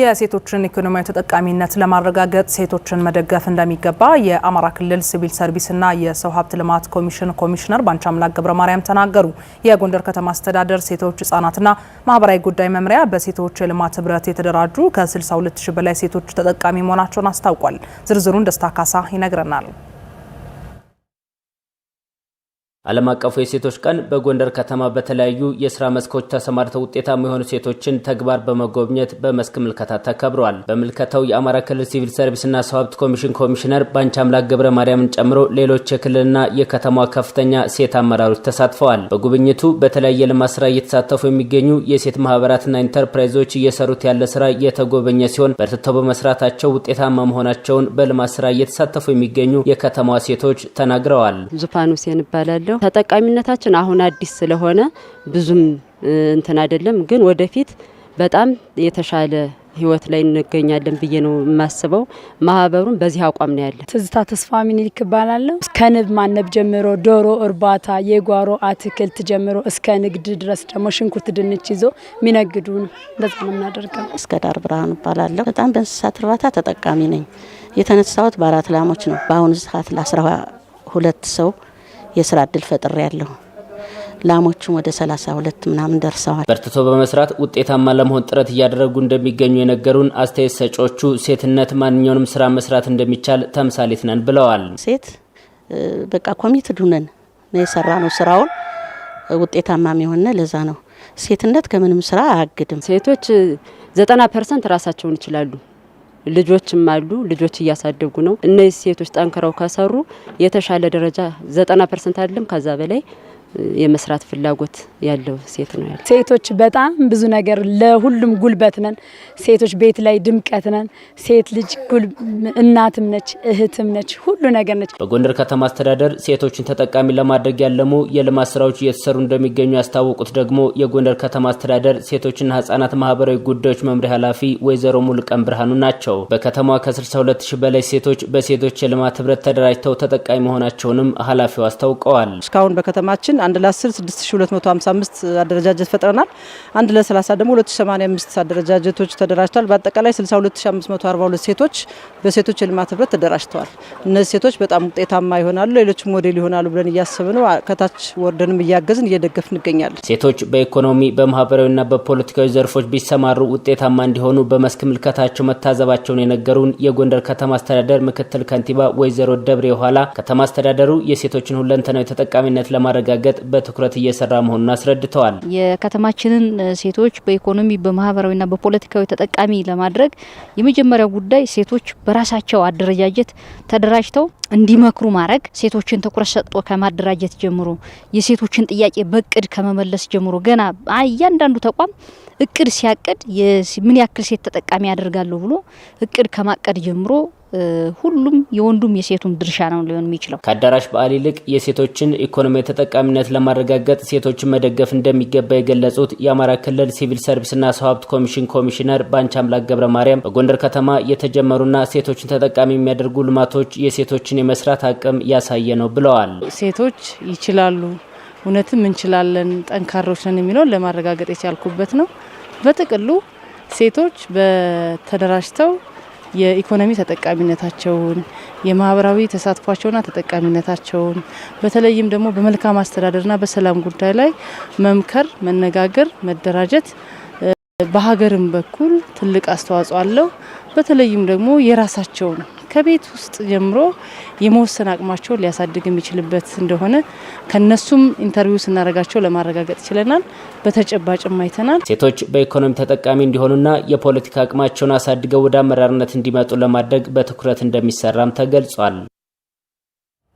የሴቶችን ኢኮኖሚያዊ ተጠቃሚነት ለማረጋገጥ ሴቶችን መደገፍ እንደሚገባ የአማራ ክልል ሲቪል ሰርቪስና የሰው ሀብት ልማት ኮሚሽን ኮሚሽነር ባንቻምላክ ገብረ ማርያም ተናገሩ። የጎንደር ከተማ አስተዳደር ሴቶች ሕጻናትና ማህበራዊ ጉዳይ መምሪያ በሴቶች የልማት ህብረት የተደራጁ ከ62 ሺ በላይ ሴቶች ተጠቃሚ መሆናቸውን አስታውቋል። ዝርዝሩን ደስታ ካሳ ይነግረናል። ዓለም አቀፉ የሴቶች ቀን በጎንደር ከተማ በተለያዩ የስራ መስኮች ተሰማርተው ውጤታማ የሆኑ ሴቶችን ተግባር በመጎብኘት በመስክ ምልከታ ተከብረዋል። በምልከታው የአማራ ክልል ሲቪል ሰርቪስና ሰው ሀብት ኮሚሽን ኮሚሽነር ባንቻ አምላክ ገብረ ማርያምን ጨምሮ ሌሎች የክልልና የከተማዋ ከፍተኛ ሴት አመራሮች ተሳትፈዋል። በጉብኝቱ በተለያየ ልማት ስራ እየተሳተፉ የሚገኙ የሴት ማህበራትና ኢንተርፕራይዞች እየሰሩት ያለ ስራ የተጎበኘ ሲሆን በርትተው በመስራታቸው ውጤታማ መሆናቸውን በልማት ስራ እየተሳተፉ የሚገኙ የከተማዋ ሴቶች ተናግረዋል። ዙፋን ሁሴን እባላለሁ። ነው። ተጠቃሚነታችን አሁን አዲስ ስለሆነ ብዙም እንትን አይደለም፣ ግን ወደፊት በጣም የተሻለ ህይወት ላይ እንገኛለን ብዬ ነው የማስበው። ማህበሩን በዚህ አቋም ነው ያለ። ትዝታ ተስፋ ሚኒሊክ እባላለሁ። እስከ ንብ ማነብ ጀምሮ ዶሮ እርባታ፣ የጓሮ አትክልት ጀምሮ እስከ ንግድ ድረስ ደግሞ ሽንኩርት፣ ድንች ይዞ የሚነግዱ እንደዛ ነው የምናደርገው። እስከ ዳር ብርሃኑ እባላለሁ። በጣም በእንስሳት እርባታ ተጠቃሚ ነኝ። የተነሳሁት በአራት ላሞች ነው። በአሁኑ ሰዓት ለአስራ ሁለት ሰው የስራ እድል ፈጥሬ ያለሁ። ላሞቹም ወደ 32 ምናምን ደርሰዋል። በርትቶ በመስራት ውጤታማ ለመሆን ጥረት እያደረጉ እንደሚገኙ የነገሩን አስተያየት ሰጪዎቹ ሴትነት ማንኛውንም ስራ መስራት እንደሚቻል ተምሳሌት ነን ብለዋል። ሴት በቃ ኮሚትድ ሁነን ነው የሰራ ነው ስራውን ውጤታማ የሚሆንነ ለዛ ነው ሴትነት ከምንም ስራ አያግድም። ሴቶች ዘጠና ፐርሰንት ራሳቸውን ይችላሉ። ልጆችም አሉ። ልጆች እያሳደጉ ነው። እነዚህ ሴቶች ጠንክረው ከሰሩ የተሻለ ደረጃ ዘጠና ፐርሰንት አይደለም ከዛ በላይ የመስራት ፍላጎት ያለው ሴት ነው ያለው። ሴቶች በጣም ብዙ ነገር ለሁሉም ጉልበት ነን። ሴቶች ቤት ላይ ድምቀት ነን። ሴት ልጅ እናትም ነች፣ እህትም ነች፣ ሁሉ ነገር ነች። በጎንደር ከተማ አስተዳደር ሴቶችን ተጠቃሚ ለማድረግ ያለሙ የልማት ስራዎች እየተሰሩ እንደሚገኙ ያስታወቁት ደግሞ የጎንደር ከተማ አስተዳደር ሴቶችና ህጻናት ማህበራዊ ጉዳዮች መምሪያ ኃላፊ ወይዘሮ ሙልቀን ብርሃኑ ናቸው። በከተማዋ ከ62 ሺህ በላይ ሴቶች በሴቶች የልማት ህብረት ተደራጅተው ተጠቃሚ መሆናቸውንም ኃላፊው አስታውቀዋል። እስካሁን በከተማችን ግን አንድ ለ10 6255 አደረጃጀት ፈጥረናል። አንድ ለ30 ደግሞ 2085 አደረጃጀቶች ተደራጅተዋል። በአጠቃላይ 62542 ሴቶች በሴቶች የልማት ህብረት ተደራጅተዋል። እነዚህ ሴቶች በጣም ውጤታማ ይሆናሉ፣ ሌሎች ሞዴል ይሆናሉ ብለን እያሰብ ነው። ከታች ወርደንም እያገዝን እየደገፍን እንገኛለን። ሴቶች በኢኮኖሚ በማህበራዊና በፖለቲካዊ ዘርፎች ቢሰማሩ ውጤታማ እንዲሆኑ በመስክ ምልከታቸው መታዘባቸውን የነገሩን የጎንደር ከተማ አስተዳደር ምክትል ከንቲባ ወይዘሮ ደብሬ የኋላ ከተማ አስተዳደሩ የሴቶችን ሁለንተናዊ ተጠቃሚነት ለማረጋገጥ እንዲረጋገጥ በትኩረት እየሰራ መሆኑን አስረድተዋል። የከተማችንን ሴቶች በኢኮኖሚ በማህበራዊና በፖለቲካዊ ተጠቃሚ ለማድረግ የመጀመሪያው ጉዳይ ሴቶች በራሳቸው አደረጃጀት ተደራጅተው እንዲመክሩ ማድረግ፣ ሴቶችን ትኩረት ሰጥቶ ከማደራጀት ጀምሮ የሴቶችን ጥያቄ በእቅድ ከመመለስ ጀምሮ ገና እያንዳንዱ ተቋም እቅድ ሲያቅድ ምን ያክል ሴት ተጠቃሚ ያደርጋለሁ ብሎ እቅድ ከማቀድ ጀምሮ ሁሉም የወንዱም የሴቱም ድርሻ ነው ሊሆን የሚችለው። ከአዳራሽ በዓል ይልቅ የሴቶችን ኢኮኖሚ ተጠቃሚነት ለማረጋገጥ ሴቶችን መደገፍ እንደሚገባ የገለጹት የአማራ ክልል ሲቪል ሰርቪስና ሰው ሀብት ኮሚሽን ኮሚሽነር አምላክ ገብረ ማርያም በጎንደር ከተማ የተጀመሩና ሴቶችን ተጠቃሚ የሚያደርጉ ልማቶች የሴቶችን የመስራት አቅም ያሳየ ነው ብለዋል። ሴቶች ይችላሉ፣ እውነትም እንችላለን፣ ጠንካሮች ነን የሚለውን ለማረጋገጥ የቻልኩበት ነው። በጥቅሉ ሴቶች በተደራጅተው የኢኮኖሚ ተጠቃሚነታቸውን የማህበራዊ ተሳትፏቸውና ተጠቃሚነታቸውን በተለይም ደግሞ በመልካም አስተዳደርና በሰላም ጉዳይ ላይ መምከር፣ መነጋገር፣ መደራጀት በሀገርም በኩል ትልቅ አስተዋጽኦ አለው። በተለይም ደግሞ የራሳቸውን ከቤት ውስጥ ጀምሮ የመወሰን አቅማቸውን ሊያሳድግ የሚችልበት እንደሆነ ከነሱም ኢንተርቪው ስናደርጋቸው ለማረጋገጥ ችለናል። በተጨባጭም አይተናል። ሴቶች በኢኮኖሚ ተጠቃሚ እንዲሆኑና የፖለቲካ አቅማቸውን አሳድገው ወደ አመራርነት እንዲመጡ ለማድረግ በትኩረት እንደሚሰራም ተገልጿል።